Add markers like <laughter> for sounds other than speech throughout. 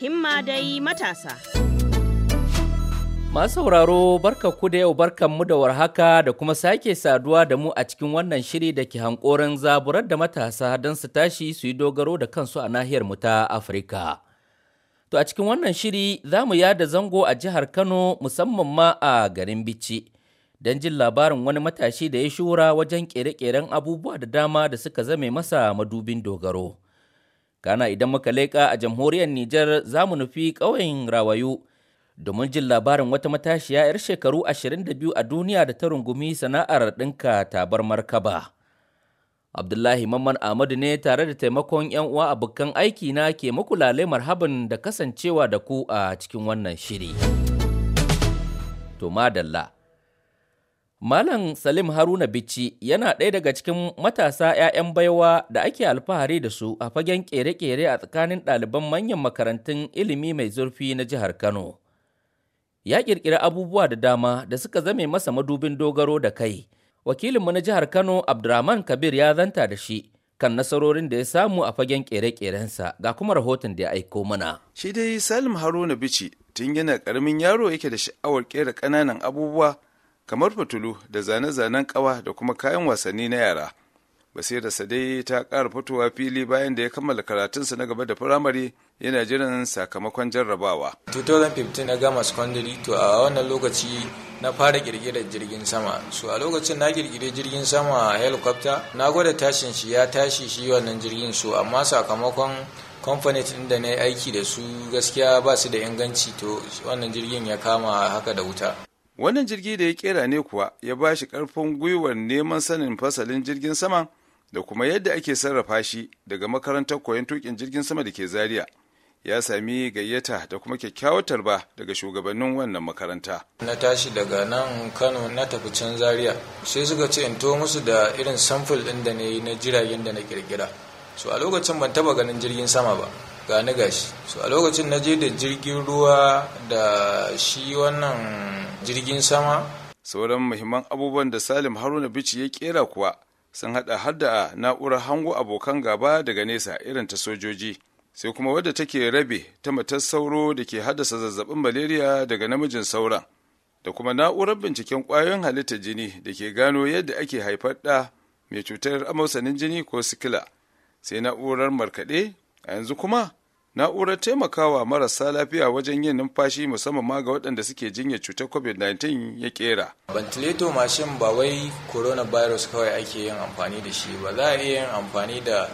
himma dai matasa. Masu sauraro barka ku da yau barkan mu da warhaka da kuma sake saduwa da mu a cikin wannan shiri da ke hankorin zaburar da matasa don su tashi su yi dogaro da kansu a nahiyar mu ta Afirka. To a cikin wannan shiri za mu yada zango a jihar Kano musamman ma a garin Bichi don jin labarin wani matashi da ya shura wajen kere-keren abubuwa da dama da suka zame masa madubin dogaro. Kana idan muka leƙa a jamhuriyar Nijar za mu nufi ƙauyen Rawayu domin jin labarin wata matashiya 'yar shekaru 22 a duniya da ta rungumi sana'ar ɗinka tabar markaba. Abdullahi Mamman Ahmadu ne tare da taimakon 'yan uwa abokan aiki na ke muku lalai marhaban da kasancewa da ku a cikin wannan shiri. To madalla. Malam Salim Haruna Bici yana ɗaya daga cikin matasa 'ya'yan baiwa da ake alfahari da su a fagen ƙere-ƙere a tsakanin ɗaliban manyan makarantun ilimi mai zurfi na jihar Kano. Ya ƙirƙiri abubuwa da dama da suka zame masa madubin dogaro da kai. Wakilinmu na jihar Kano Abdurrahman Kabir ya zanta da shi kan nasarorin da ya samu a fagen ƙere-ƙerensa ga kuma rahoton da ya aiko mana. Shi dai Salim Haruna Bici tun yana ƙaramin yaro yake da sha'awar ƙera ƙananan abubuwa kamar fitulu da zane-zanen kawa da kuma kayan wasanni na yara basira dai ta ƙara fitowa fili bayan da ya kammala karatunsa na gaba da firamare yana jiran sakamakon jarrabawa 2015 na gama secondary to a wannan lokaci na fara kirkirar jirgin sama so a lokacin na kirkiri jirgin sama a helicopter na gwada tashin shi ya tashi shi wannan jirgin su amma sakamakon kamfanin din da na yi aiki da su gaskiya ba su da inganci to wannan jirgin ya kama haka da wuta wannan jirgi da ya kera ne kuwa ya ba shi karfin gwiwar neman sanin fasalin jirgin sama da kuma yadda ake sarrafa shi daga makarantar koyon tukin jirgin sama da ke zaria ya sami gayyata da kuma kyakkyawar tarba daga shugabannin wannan makaranta na tashi daga nan kano na tafi can zaria sai suka ce in to musu da irin samfil ɗin da na yi na jiragen da na kirkira su a lokacin ban taba ganin jirgin sama ba gani gashi so a lokacin na je da jirgin ruwa da shi wannan jirgin sama sauran muhimman abubuwan da salim haruna bici ya kera kuwa sun hada har da na'urar hango abokan gaba daga nesa irin ta sojoji sai kuma wadda take rabe ta matar sauro da ke haddasa zazzabin malaria daga namijin sauran da kuma na'urar binciken kwayoyin halitta jini da ke gano yadda ake haifar da mai cutar amosanin jini ko sikila sai na'urar markaɗe a yanzu kuma na'urar taimakawa marasa lafiya wajen yin numfashi musamman ma ga waɗanda suke jinya cutar covid-19 ya kera. ventilator mashin ba wai coronavirus kawai ake yin amfani da shi ba za a iya yin amfani da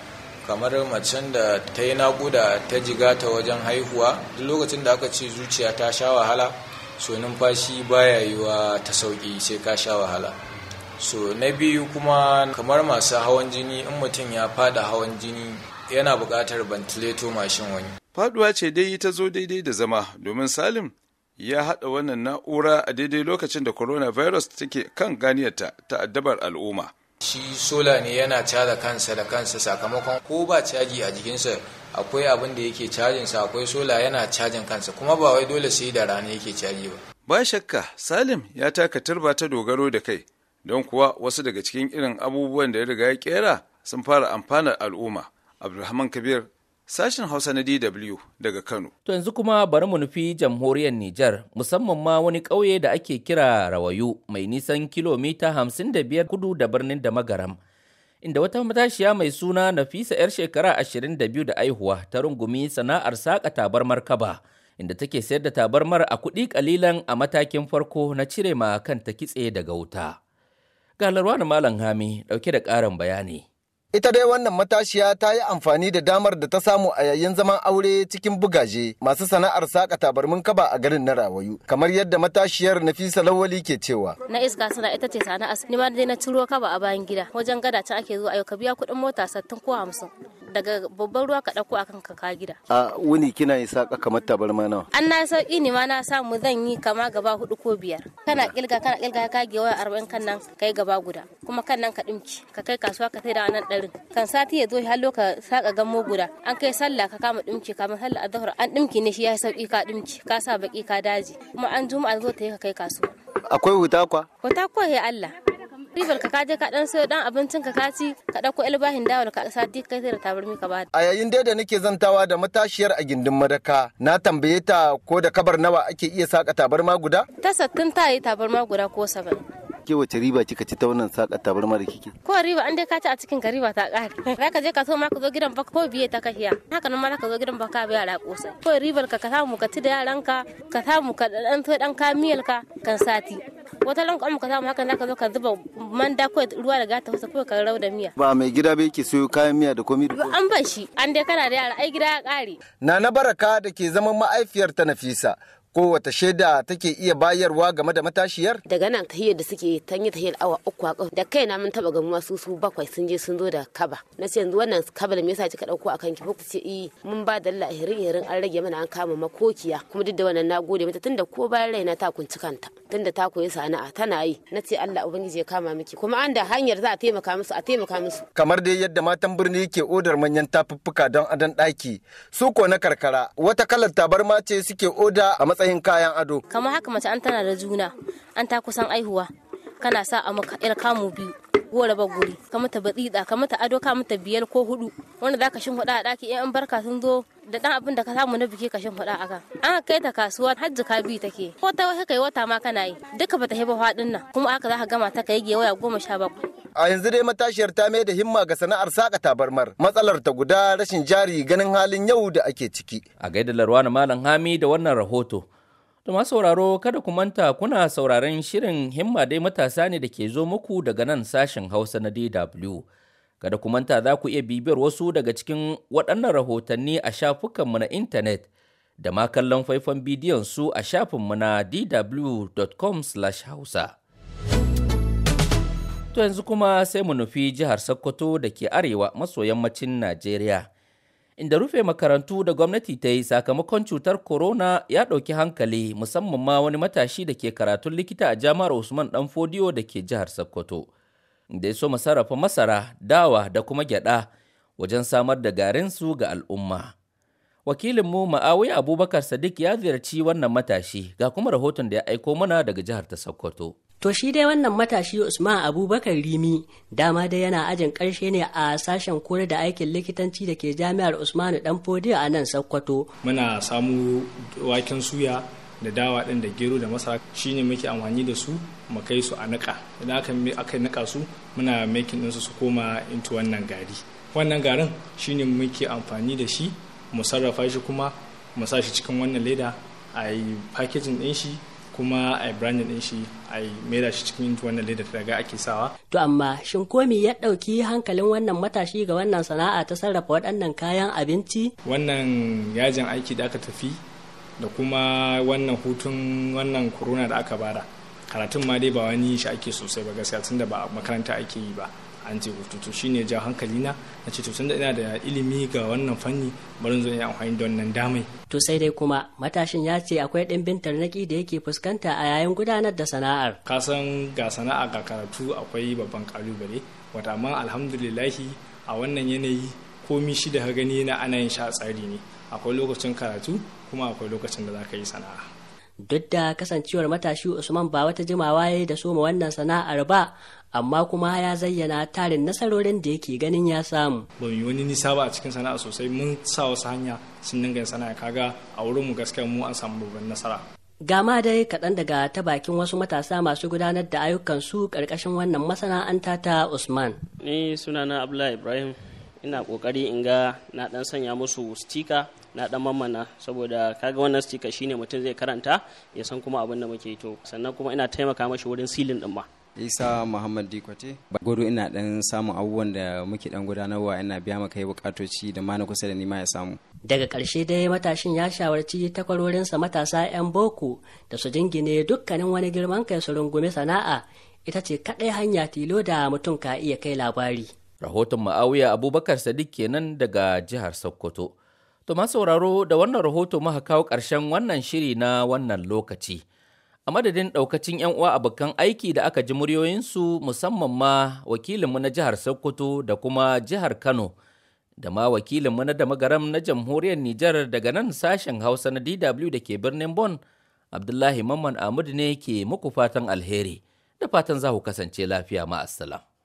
kamar macen da ta yi naƙuda ta jiga ta wajen haihuwa duk lokacin da aka ce zuciya ta sha wahala so numfashi baya yiwa ta sauki sai ka sha wahala so na biyu kuma kamar masu hawan jini in mutum ya fada hawan jini yana buƙatar bantileto mashin wani. Faduwa ce dai ta zo daidai da zama domin Salim ya haɗa wannan na'ura a daidai lokacin da coronavirus take kan ganiyarta ta addabar al'umma. Shi sola ne yana caza kansa da kansa sakamakon ko ba caji a jikinsa akwai abin da yake cajinsa akwai sola yana cajin kansa kuma ba wai dole sai da rana yake caji ba. Ba shakka Salim ya taka turba ta dogaro da kai don kuwa wasu daga cikin irin abubuwan da ya riga ya kera sun fara amfanar al'umma. Abdulrahman Kabir Sashen Hausa na DW daga Kano. To yanzu kuma bari mu nufi jamhuriyar Nijar, musamman ma wani ƙauye da ake kira Rawayu mai nisan kilomita 55 kudu da birnin da Magaram. Inda wata matashiya mai suna Nafisa 'yar shekara 22 da aihuwa ta rungumi sana'ar saƙa tabarmar kaba, inda take sayar da tabarmar a kuɗi ƙalilan a matakin farko na cire ma kanta kitse daga wuta. Galarwa na Malam Hami ɗauke da ƙarin bayani. Ita dai wannan matashiya ta yi amfani da damar da ta samu a yayin zaman aure cikin bugaje masu sana'ar saka tabarmin kaba a garin na Rawayu. Kamar yadda matashiyar Nafisa Lawali ke cewa. Na iska suna ita ce sana'a ni ma dai na ciro kaba a bayan gida wajen gada ta ake zuwa yau ka biya kuɗin mota sattin ko hamsin. daga babban ruwa ka dauko akan ka ka gida a wuni kina yi saka kamar tabarma nawa an na sauki ne ma na sa mu zan yi kama gaba hudu ko biyar kana kilga kana kilga ka ge waya arba'in kan nan kai gaba guda kuma kan nan ka dimki ka kai kasuwa ka saida nan ɗarin. kan sati ya zo hallo ka saka gammo guda an kai sallah ka kama dimki kama sallah azhar an dimki ne shi ya sauki ka dimki ka sa baki ka daji kuma an juma'a zo ta yi ka kai kasuwa akwai wuta kwa kwa ya Allah ribar ka kaje ka dan sayo dan abincin ka kaci ka dauko ilbahin dawal ka sati kai da tabarmi ka bada a yayin dai da nake zantawa da matashiyar a gindin madaka na tambaye ta ko da kabar nawa ake iya saka tabarma guda ta sattin ta yi tabarma guda ko saba'in ke wace riba kika ci ta wannan saka tabarma da kike ko riba an dai ka ci a cikin ka ta kare <laughs> za ka je ka so ma ka zo gidan baka ko biye ta kashiya haka nan ma za ka zo gidan baka biya da kosai ko ribar ka ka samu ka ci da yaranka ka samu ka dan so dan kamiyal ka kan sati wata ran kuma ka samu hakan ka zo ka zuba manda ko ruwa daga ta hausa ko ka rau da miya ba mai gida ba ke siyo kayan miya da komai an bashi, shi an dai kana da yara ai gida ya kare nana baraka da ke zaman ma'aifiyar ta nafisa kowace shaida take iya bayarwa game da matashiyar? Daga nan tahiyar da suke tanye tahiyar awa uku a da kai na mun taba gamuwa su su bakwai sun je sun zo da kaba. Na ce yanzu wannan kaba da me yasa kika dauko akan ki ku ce eh mun ba da Allah hirin hirin an rage mana an kama makokiya kuma duk da wannan na gode mata tunda ko bayan raina ta kunci kanta tunda ta koyi sana'a tana yi na ce Allah ubangiji ya kama miki kuma an da hanyar za a taimaka musu a taimaka musu. Kamar dai yadda matan birni ke odar manyan tafuffuka don adon daki, su ko na karkara wata kalar tabarma ce suke oda a matsayin matsayin kayan ado kamar haka mace an tana da juna an ta kusan aihuwa kana sa a maka yar kamu biyu gora ba guri ka mata batsida ka mata ado ka mata biyar ko hudu wanda za ka shin hudu a daki in barka sun zo da ɗan abin da ka samu na biki ka shin hudu kan an kai ta kasuwa hajji ka bi take ko ta wata kai wata ma kana yi duka bata heba fadin nan kuma aka ka gama ta kai waya goma sha bakwai a yanzu dai matashiyar ta mai da himma ga sana'ar saka tabarmar matsalar ta guda rashin jari ganin halin yau da ake ciki a gaida larwana malam hami da wannan rahoto masu sauraro kada ku manta kuna sauraron shirin himma dai matasa ne da ke zo muku daga nan sashen Hausa na DW. Kada ku manta za ku iya bibiyar wasu daga cikin waɗannan rahotanni a shafukanmu na intanet da ma kallon faifan bidiyon su a shafinmu na dw.com/hausa. To yanzu kuma sai mu nufi jihar Sokoto da ke arewa maso yammacin Najeriya. inda rufe makarantu da gwamnati ta yi sakamakon cutar corona ya ɗauki hankali musamman ma wani matashi da ke karatun likita a jami'ar usman dan fodiyo da ke jihar sokoto da ya so masarrafa masara dawa da kuma gyada wajen samar da garin su ga al'umma Wakilin mu ma'awi abubakar sadiq ya ziyarci wannan matashi ga kuma rahoton da ya aiko mana daga jihar ta sokoto To shi dai wannan matashi Usman Abubakar Rimi dama dai yana ajin karshe ne a sashen koyar da aikin likitanci da ke jami'ar Usmanu Danfodiyo a nan Sokoto. Muna samu waken suya da dawa ɗin da gero da masara shine muke amfani da su mu kai su a niƙa idan aka aka niƙa su muna making ɗinsu su koma into wannan gari wannan garin shine muke amfani da shi mu sarrafa shi kuma mu sa shi cikin wannan leda a yi packaging ɗin shi kuma a branding din shi a maida shi cikin wannan leda daga ake sawa. To amma shin komi ya ɗauki hankalin wannan matashi ga wannan sana'a ta sarrafa waɗannan kayan abinci? Wannan yajin aiki da aka tafi da kuma wannan hutun wannan corona da aka bara. Karatun ma dai ba wani shi ake sosai ba gaskiya tunda ba makaranta ake yi ba. an je hutu to shine ja hankali na na ce to tunda ina da ilimi ga wannan fanni bari zo in amfani da wannan damai to sai dai kuma matashin ya ce akwai ɗimbin tarnaki da yake fuskanta a yayin gudanar da sana'ar ka san ga sana'a ga karatu akwai babban kalubale wata amma alhamdulillahi a wannan yanayi komi shi da gani na ana yin sha tsari ne akwai lokacin karatu kuma akwai lokacin da za ka yi sana'a duk da kasancewar matashi usman ba wata jimawa ya da soma wannan sana'ar ba amma kuma ya zayyana tarin nasarorin da yake ganin ya samu ba yi wani nisa ba a cikin sana'a sosai mun sa wasu hanya sun dinga sana'a kaga a wurin mu gaskiya mu an samu babban nasara gama dai kaɗan daga ta bakin wasu matasa masu gudanar da ayyukan su karkashin wannan masana'anta ta usman ni sunana abdullahi ibrahim ina kokari in ga na dan sanya musu stika na dan mamana saboda kaga wannan stika shine mutum zai karanta ya san kuma abin da muke to sannan kuma ina taimaka mashi wurin silin din ma isa muhammad dikwate godo ina dan samun abubuwan da muke dan gudanarwa ina biya maka yi bukatoci da ma na kusa da nima ya samu daga karshe dai matashin ya shawarci takwarorinsa matasa 'yan boko da su jingine dukkanin wani girman kai su rungumi sana'a ita ce kaɗai hanya tilo da mutum ka iya kai labari Rahoton Ma'awiya Abubakar Sadiq kenan daga jihar Sokoto. To sauraro da wannan rahoto muka kawo ƙarshen wannan shiri na wannan lokaci. A madadin ɗaukacin 'yan uwa abokan aiki da aka ji muryoyinsu musamman ma wakilinmu na jihar Sokoto da kuma jihar Kano da ma wakilinmu na damagaram na jamhuriyar Nijar daga nan sashen Hausa na DW da ke birnin Bon, Abdullahi Mamman Ahmad ne ke muku fatan alheri da fatan za ku kasance lafiya ma